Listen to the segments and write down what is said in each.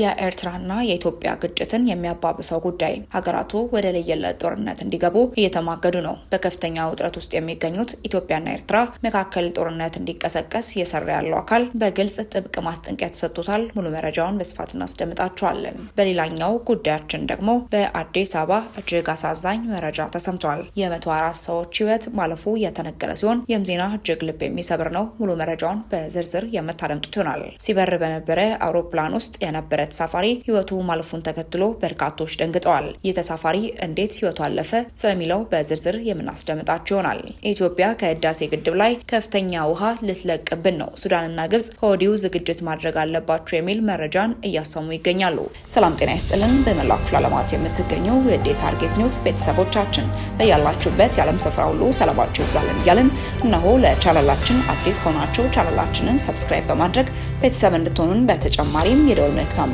የኤርትራና የኢትዮጵያ ግጭትን የሚያባብሰው ጉዳይ ሀገራቱ ወደ ለየለት ጦርነት እንዲገቡ እየተማገዱ ነው። በከፍተኛ ውጥረት ውስጥ የሚገኙት ኢትዮጵያና ኤርትራ መካከል ጦርነት እንዲቀሰቀስ እየሰራ ያለው አካል በግልጽ ጥብቅ ማስጠንቀቂያ ተሰጥቶታል። ሙሉ መረጃውን በስፋት እናስደምጣቸዋለን። በሌላኛው ጉዳያችን ደግሞ በአዲስ አበባ እጅግ አሳዛኝ መረጃ ተሰምቷል። የመቶ አራት ሰዎች ህይወት ማለፉ የተነገረ ሲሆን ይህም ዜና እጅግ ልብ የሚሰብር ነው። ሙሉ መረጃውን በዝርዝር የምታደምጡት ይሆናል። ሲበር በነበረ አውሮፕላን ውስጥ የነበረ የነበረ ተሳፋሪ ህይወቱ ማለፉን ተከትሎ በርካቶች ደንግጠዋል። ይህ ተሳፋሪ እንዴት ህይወቱ አለፈ ስለሚለው በዝርዝር የምናስደምጣቸው ይሆናል። ኢትዮጵያ ከህዳሴ ግድብ ላይ ከፍተኛ ውሃ ልትለቅብን ነው፣ ሱዳንና ግብጽ ከወዲሁ ዝግጅት ማድረግ አለባቸው የሚል መረጃን እያሰሙ ይገኛሉ። ሰላም ጤና ይስጥልን። በመላ ክፍለ ዓለማት የምትገኙ የዴ ታርጌት ኒውስ ቤተሰቦቻችን በያላችሁበት የዓለም ስፍራ ሁሉ ሰላማችሁ ይብዛልን እያልን እነሆ ለቻናላችን አዲስ ከሆናችሁ ቻናላችንን ሰብስክራይብ በማድረግ ቤተሰብ እንድትሆኑን በተጨማሪም የደወል ምልክቷን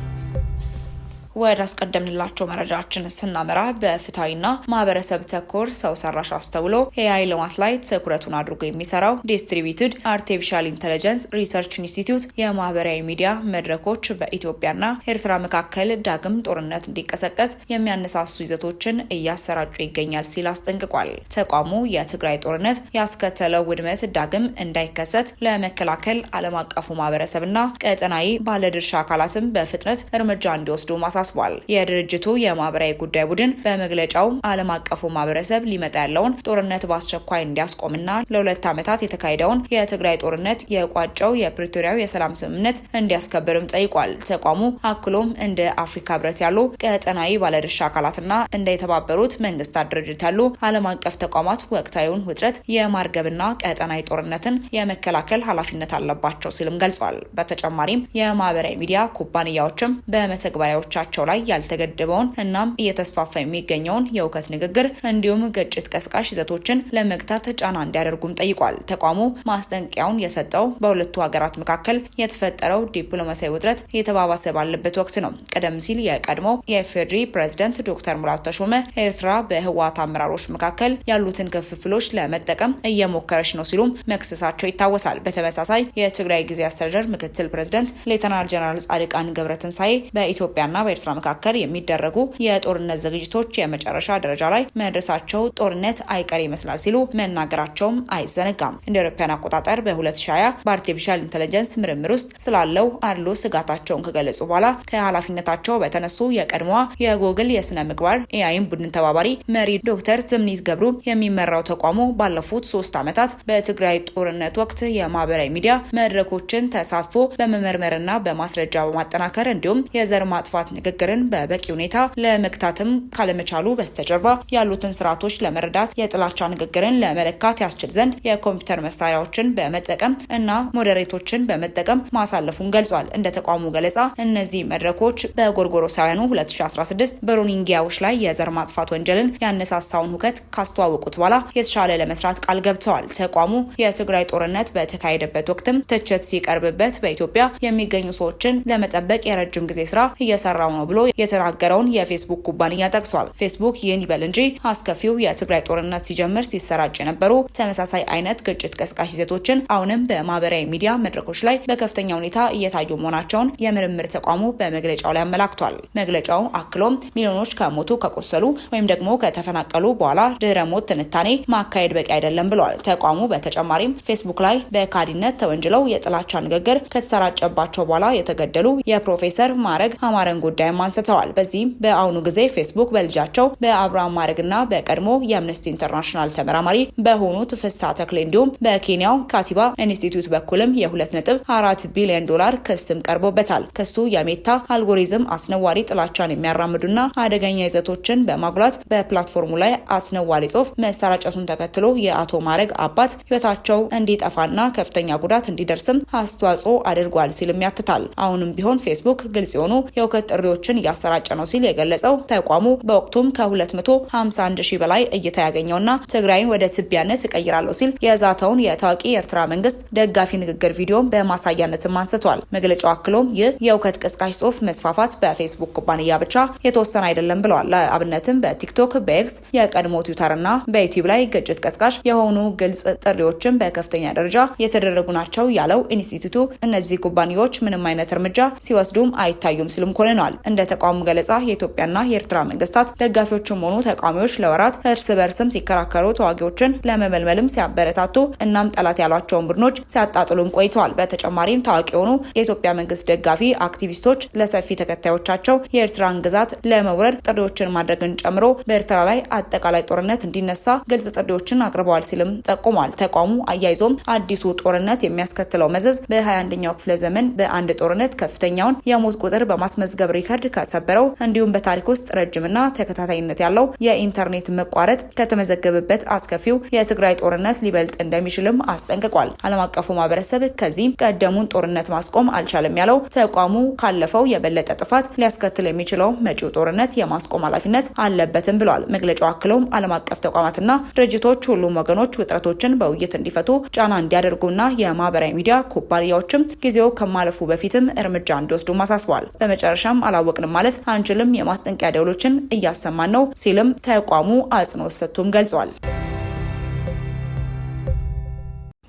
ወደ አስቀደምንላቸው መረጃችን ስናመራ በፍትሐዊና ማህበረሰብ ተኮር ሰው ሰራሽ አስተውሎ ኤአይ ልማት ላይ ትኩረቱን አድርጎ የሚሰራው ዲስትሪቢዩትድ አርቲፊሻል ኢንተለጀንስ ሪሰርች ኢንስቲትዩት የማህበራዊ ሚዲያ መድረኮች በኢትዮጵያና ኤርትራ መካከል ዳግም ጦርነት እንዲቀሰቀስ የሚያነሳሱ ይዘቶችን እያሰራጩ ይገኛል ሲል አስጠንቅቋል። ተቋሙ የትግራይ ጦርነት ያስከተለው ውድመት ዳግም እንዳይከሰት ለመከላከል ዓለም አቀፉ ማህበረሰብና ቀጠናዊ ባለድርሻ አካላትም በፍጥነት እርምጃ እንዲወስዱ ማሳ አሳስቧል። የድርጅቱ የማህበራዊ ጉዳይ ቡድን በመግለጫው ዓለም አቀፉ ማህበረሰብ ሊመጣ ያለውን ጦርነት በአስቸኳይ እንዲያስቆምና ለሁለት ዓመታት የተካሄደውን የትግራይ ጦርነት የቋጨው የፕሪቶሪያው የሰላም ስምምነት እንዲያስከብርም ጠይቋል። ተቋሙ አክሎም እንደ አፍሪካ ህብረት ያሉ ቀጠናዊ ባለድርሻ አካላትና እንደ የተባበሩት መንግስታት ድርጅት ያሉ ዓለም አቀፍ ተቋማት ወቅታዊውን ውጥረት የማርገብና ቀጠናዊ ጦርነትን የመከላከል ኃላፊነት አለባቸው ሲልም ገልጿል። በተጨማሪም የማህበራዊ ሚዲያ ኩባንያዎችም በመተግበሪያዎቻቸው በዓላማቸው ላይ ያልተገደበውን እናም እየተስፋፋ የሚገኘውን የእውከት ንግግር እንዲሁም ግጭት ቀስቃሽ ይዘቶችን ለመግታት ጫና እንዲያደርጉም ጠይቋል። ተቋሙ ማስጠንቀቂያውን የሰጠው በሁለቱ ሀገራት መካከል የተፈጠረው ዲፕሎማሲያዊ ውጥረት እየተባባሰ ባለበት ወቅት ነው። ቀደም ሲል የቀድሞው የፌዴሪ ፕሬዝደንት ዶክተር ሙላቱ ተሾመ ኤርትራ በህወሓት አመራሮች መካከል ያሉትን ክፍፍሎች ለመጠቀም እየሞከረች ነው ሲሉም መክሰሳቸው ይታወሳል። በተመሳሳይ የትግራይ ጊዜ አስተዳደር ምክትል ፕሬዝደንት ሌተናል ጀነራል ጻድቃን ገብረትንሳኤ በኢትዮጵያና በኤርትራ በኤርትራ መካከል የሚደረጉ የጦርነት ዝግጅቶች የመጨረሻ ደረጃ ላይ መድረሳቸው ጦርነት አይቀር ይመስላል ሲሉ መናገራቸውም አይዘነጋም። እንደ አውሮፓውያን አቆጣጠር በ2020 በአርቲፊሻል ኢንቴሊጀንስ ምርምር ውስጥ ስላለው አድሎ ስጋታቸውን ከገለጹ በኋላ ከኃላፊነታቸው በተነሱ የቀድሞዋ የጎግል የስነ ምግባር ኤአይም ቡድን ተባባሪ መሪ ዶክተር ዝምኒት ገብሩ የሚመራው ተቋሙ ባለፉት ሶስት ዓመታት በትግራይ ጦርነት ወቅት የማህበራዊ ሚዲያ መድረኮችን ተሳትፎ በመመርመርና በማስረጃ በማጠናከር እንዲሁም የዘር ማጥፋት ንግግር ንግግርን በበቂ ሁኔታ ለመግታትም ካለመቻሉ በስተጀርባ ያሉትን ስርዓቶች ለመረዳት የጥላቻ ንግግርን ለመለካት ያስችል ዘንድ የኮምፒውተር መሳሪያዎችን በመጠቀም እና ሞዴሬቶችን በመጠቀም ማሳለፉን ገልጿል። እንደ ተቋሙ ገለጻ እነዚህ መድረኮች በጎርጎሮሳውያኑ 2016 በሮሂንጊያዎች ላይ የዘር ማጥፋት ወንጀልን ያነሳሳውን ሁከት ካስተዋወቁት በኋላ የተሻለ ለመስራት ቃል ገብተዋል። ተቋሙ የትግራይ ጦርነት በተካሄደበት ወቅትም ትችት ሲቀርብበት በኢትዮጵያ የሚገኙ ሰዎችን ለመጠበቅ የረጅም ጊዜ ስራ እየሰራው ነው ነው ብሎ የተናገረውን የፌስቡክ ኩባንያ ጠቅሷል። ፌስቡክ ይህን ይበል እንጂ አስከፊው የትግራይ ጦርነት ሲጀምር ሲሰራጭ የነበሩ ተመሳሳይ አይነት ግጭት ቀስቃሽ ይዘቶችን አሁንም በማህበራዊ ሚዲያ መድረኮች ላይ በከፍተኛ ሁኔታ እየታዩ መሆናቸውን የምርምር ተቋሙ በመግለጫው ላይ አመላክቷል። መግለጫው አክሎም ሚሊዮኖች ከሞቱ ከቆሰሉ ወይም ደግሞ ከተፈናቀሉ በኋላ ድህረ ሞት ትንታኔ ማካሄድ በቂ አይደለም ብለዋል። ተቋሙ በተጨማሪም ፌስቡክ ላይ በካዲነት ተወንጅለው የጥላቻ ንግግር ከተሰራጨባቸው በኋላ የተገደሉ የፕሮፌሰር ማዕረግ አማረን ጉዳይ ጉዳይም አንስተዋል። በዚህም በአሁኑ ጊዜ ፌስቡክ በልጃቸው በአብርሃም ማድረግና በቀድሞ የአምነስቲ ኢንተርናሽናል ተመራማሪ በሆኑት ፍሳ ተክሌ እንዲሁም በኬንያው ካቲባ ኢንስቲትዩት በኩልም የ2.4 ቢሊዮን ዶላር ክስም ቀርቦበታል። ክሱ የሜታ አልጎሪዝም አስነዋሪ ጥላቻን የሚያራምዱና አደገኛ ይዘቶችን በማጉላት በፕላትፎርሙ ላይ አስነዋሪ ጽሁፍ መሰራጨቱን ተከትሎ የአቶ ማረግ አባት ህይወታቸው እንዲጠፋና ከፍተኛ ጉዳት እንዲደርስም አስተዋጽኦ አድርጓል ሲልም ያትታል። አሁንም ቢሆን ፌስቡክ ግልጽ የሆኑ የውከት ጥሪዎች ቪዲዮዎችን እያሰራጨ ነው ሲል የገለጸው ተቋሙ በወቅቱም ከ251 ሺህ በላይ እይታ ያገኘውና ትግራይን ወደ ትቢያነት እቀይራለሁ ሲል የዛተውን የታዋቂ የኤርትራ መንግስት ደጋፊ ንግግር ቪዲዮም በማሳያነትም አንስቷል። መግለጫው አክሎም ይህ የእውከት ቀስቃሽ ጽሁፍ መስፋፋት በፌስቡክ ኩባንያ ብቻ የተወሰነ አይደለም ብለዋል። ለአብነትም በቲክቶክ፣ በኤክስ፣ የቀድሞ ትዊተር እና በዩቲዩብ ላይ ግጭት ቀስቃሽ የሆኑ ግልጽ ጥሪዎችን በከፍተኛ ደረጃ የተደረጉ ናቸው ያለው ኢንስቲትዩቱ እነዚህ ኩባንያዎች ምንም አይነት እርምጃ ሲወስዱም አይታዩም ሲልም ኮንነዋል። እንደ ተቋሙ ገለጻ የኢትዮጵያና የኤርትራ መንግስታት ደጋፊዎችም ሆኑ ተቃዋሚዎች ለወራት እርስ በርስም ሲከራከሩ፣ ተዋጊዎችን ለመመልመልም ሲያበረታቱ፣ እናም ጠላት ያሏቸውን ቡድኖች ሲያጣጥሉም ቆይተዋል። በተጨማሪም ታዋቂ የሆኑ የኢትዮጵያ መንግስት ደጋፊ አክቲቪስቶች ለሰፊ ተከታዮቻቸው የኤርትራን ግዛት ለመውረድ ጥሪዎችን ማድረግን ጨምሮ በኤርትራ ላይ አጠቃላይ ጦርነት እንዲነሳ ግልጽ ጥሪዎችን አቅርበዋል ሲልም ጠቁሟል። ተቋሙ አያይዞም አዲሱ ጦርነት የሚያስከትለው መዘዝ በ21ኛው ክፍለ ዘመን በአንድ ጦርነት ከፍተኛውን የሞት ቁጥር በማስመዝገብ ሪከርድ ሪከርድ ከሰበረው እንዲሁም በታሪክ ውስጥ ረጅምና ተከታታይነት ያለው የኢንተርኔት መቋረጥ ከተመዘገበበት አስከፊው የትግራይ ጦርነት ሊበልጥ እንደሚችልም አስጠንቅቋል። ዓለም አቀፉ ማህበረሰብ ከዚህም ቀደሙን ጦርነት ማስቆም አልቻለም ያለው ተቋሙ ካለፈው የበለጠ ጥፋት ሊያስከትል የሚችለው መጪው ጦርነት የማስቆም ኃላፊነት አለበትም ብሏል። መግለጫው አክለውም ዓለም አቀፍ ተቋማትና ድርጅቶች ሁሉም ወገኖች ውጥረቶችን በውይይት እንዲፈቱ ጫና እንዲያደርጉና የማህበራዊ ሚዲያ ኩባንያዎችም ጊዜው ከማለፉ በፊትም እርምጃ እንዲወስዱ አሳስቧል። በመጨረሻም አላወቅንም ማለት አንችልም፣ የማስጠንቀቂያ ደውሎችን እያሰማን ነው ሲልም ተቋሙ አጽንኦት ሰጥቶም ገልጿል።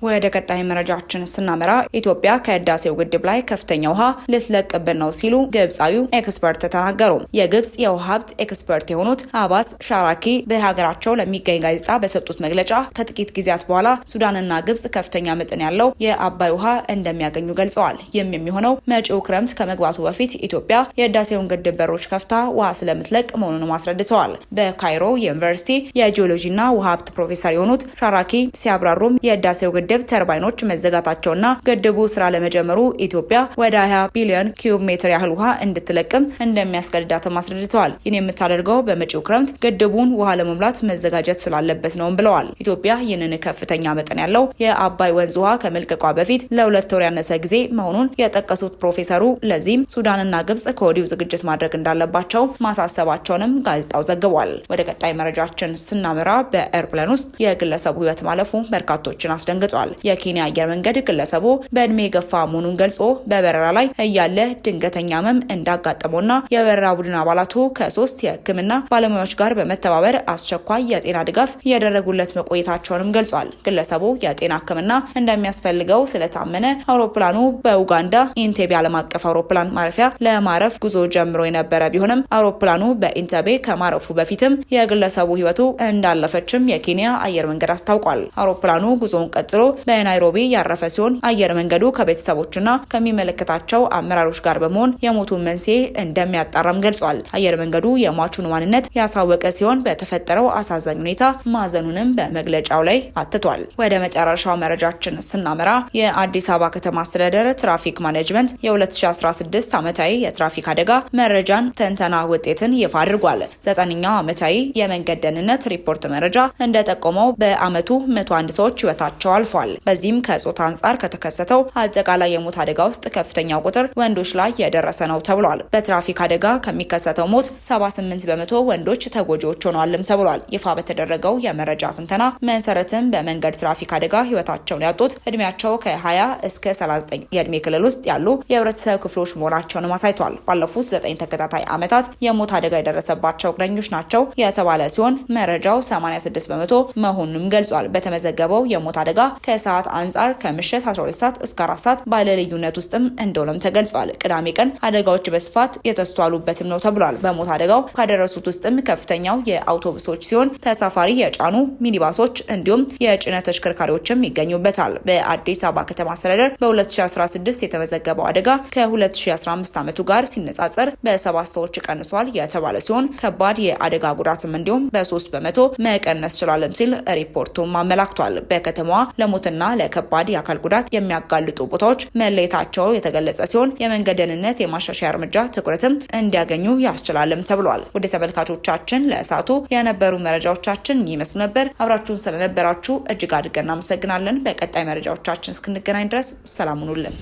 ወደ ቀጣይ መረጃችን ስናመራ ኢትዮጵያ ከህዳሴው ግድብ ላይ ከፍተኛ ውሃ ልትለቅብን ነው ሲሉ ግብፃዊው ኤክስፐርት ተናገሩ። የግብፅ የውሃ ሀብት ኤክስፐርት የሆኑት አባስ ሻራኪ በሀገራቸው ለሚገኝ ጋዜጣ በሰጡት መግለጫ ከጥቂት ጊዜያት በኋላ ሱዳንና ግብፅ ከፍተኛ መጠን ያለው የአባይ ውሃ እንደሚያገኙ ገልጸዋል። ይህም የሚሆነው መጪው ክረምት ከመግባቱ በፊት ኢትዮጵያ የህዳሴውን ግድብ በሮች ከፍታ ውሃ ስለምትለቅ መሆኑንም አስረድተዋል። በካይሮ ዩኒቨርሲቲ የጂኦሎጂና ውሃ ሀብት ፕሮፌሰር የሆኑት ሻራኪ ሲያብራሩም የህዳሴው ግድብ ግድብ ተርባይኖች መዘጋታቸውና ግድቡ ስራ ለመጀመሩ ኢትዮጵያ ወደ 20 ቢሊዮን ኪዩብ ሜትር ያህል ውሃ እንድትለቅም እንደሚያስገድዳትም አስረድተዋል። ይህን የምታደርገው በመጪው ክረምት ግድቡን ውሃ ለመሙላት መዘጋጀት ስላለበት ነውም ብለዋል። ኢትዮጵያ ይህንን ከፍተኛ መጠን ያለው የአባይ ወንዝ ውሃ ከመልቀቋ በፊት ለሁለት ወር ያነሰ ጊዜ መሆኑን የጠቀሱት ፕሮፌሰሩ ለዚህም ሱዳንና ግብጽ ከወዲሁ ዝግጅት ማድረግ እንዳለባቸው ማሳሰባቸውንም ጋዜጣው ዘግቧል። ወደ ቀጣይ መረጃችን ስናመራ በኤርፕላን ውስጥ የግለሰቡ ህይወት ማለፉ በርካቶችን አስደንግጧል። ገልጿል። የኬንያ አየር መንገድ ግለሰቡ በእድሜ የገፋ መሆኑን ገልጾ በበረራ ላይ እያለ ድንገተኛ ህመም እንዳጋጠመውና የበረራ ቡድን አባላቱ ከሶስት የህክምና ባለሙያዎች ጋር በመተባበር አስቸኳይ የጤና ድጋፍ እያደረጉለት መቆየታቸውንም ገልጿል። ግለሰቡ የጤና ህክምና እንደሚያስፈልገው ስለታመነ አውሮፕላኑ በኡጋንዳ ኢንቴቤ ዓለም አቀፍ አውሮፕላን ማረፊያ ለማረፍ ጉዞ ጀምሮ የነበረ ቢሆንም አውሮፕላኑ በኢንተቤ ከማረፉ በፊትም የግለሰቡ ህይወቱ እንዳለፈችም የኬንያ አየር መንገድ አስታውቋል። አውሮፕላኑ ጉዞውን ቀጥሎ በናይሮቢ ያረፈ ሲሆን አየር መንገዱ ከቤተሰቦችና ከሚመለከታቸው አመራሮች ጋር በመሆን የሞቱን መንስኤ እንደሚያጣራም ገልጿል። አየር መንገዱ የሟቹን ማንነት ያሳወቀ ሲሆን በተፈጠረው አሳዛኝ ሁኔታ ማዘኑንም በመግለጫው ላይ አትቷል። ወደ መጨረሻው መረጃችን ስናመራ የአዲስ አበባ ከተማ አስተዳደር ትራፊክ ማኔጅመንት የ2016 ዓመታዊ የትራፊክ አደጋ መረጃን ትንተና ውጤትን ይፋ አድርጓል። ዘጠነኛው ዓመታዊ የመንገድ ደህንነት ሪፖርት መረጃ እንደጠቆመው በዓመቱ 101 ሰዎች ህይወታቸው አልፏል። አልፏል። በዚህም ከጾታ አንጻር ከተከሰተው አጠቃላይ የሞት አደጋ ውስጥ ከፍተኛ ቁጥር ወንዶች ላይ የደረሰ ነው ተብሏል። በትራፊክ አደጋ ከሚከሰተው ሞት 78 በመቶ ወንዶች ተጎጂዎች ሆኗልም ተብሏል። ይፋ በተደረገው የመረጃ ትንተና መሰረትም በመንገድ ትራፊክ አደጋ ህይወታቸውን ያጡት እድሜያቸው ከ20 እስከ 39 የእድሜ ክልል ውስጥ ያሉ የህብረተሰብ ክፍሎች መሆናቸውንም አሳይቷል። ባለፉት ዘጠኝ ተከታታይ ዓመታት የሞት አደጋ የደረሰባቸው እግረኞች ናቸው የተባለ ሲሆን መረጃው 86 በመቶ መሆኑንም ገልጿል። በተመዘገበው የሞት አደጋ ከሰዓት አንጻር ከምሽት 12 ሰዓት እስከ 4 ሰዓት ባለ ልዩነት ውስጥም እንደሆነም ተገልጿል። ቅዳሜ ቀን አደጋዎች በስፋት የተስተዋሉበትም ነው ተብሏል። በሞት አደጋው ካደረሱት ውስጥም ከፍተኛው የአውቶቡሶች ሲሆን ተሳፋሪ የጫኑ ሚኒባሶች እንዲሁም የጭነት ተሽከርካሪዎችም ይገኙበታል። በአዲስ አበባ ከተማ አስተዳደር በ2016 የተመዘገበው አደጋ ከ2015 ዓመቱ ጋር ሲነጻጸር በሰባት ሰዎች ቀንሷል የተባለ ሲሆን ከባድ የአደጋ ጉዳትም እንዲሁም በሶስት በመቶ መቀነስ ችላለም ሲል ሪፖርቱም አመላክቷል። በከተማዋ ለሞትና ለከባድ የአካል ጉዳት የሚያጋልጡ ቦታዎች መለየታቸው የተገለጸ ሲሆን የመንገድ ደህንነት የማሻሻያ እርምጃ ትኩረትም እንዲያገኙ ያስችላልም ተብሏል። ወደ ተመልካቾቻችን ለእሳቱ የነበሩ መረጃዎቻችን ይመስሉ ነበር። አብራችሁን ስለነበራችሁ እጅግ አድርገን እናመሰግናለን። በቀጣይ መረጃዎቻችን እስክንገናኝ ድረስ ሰላም ሁኑልን።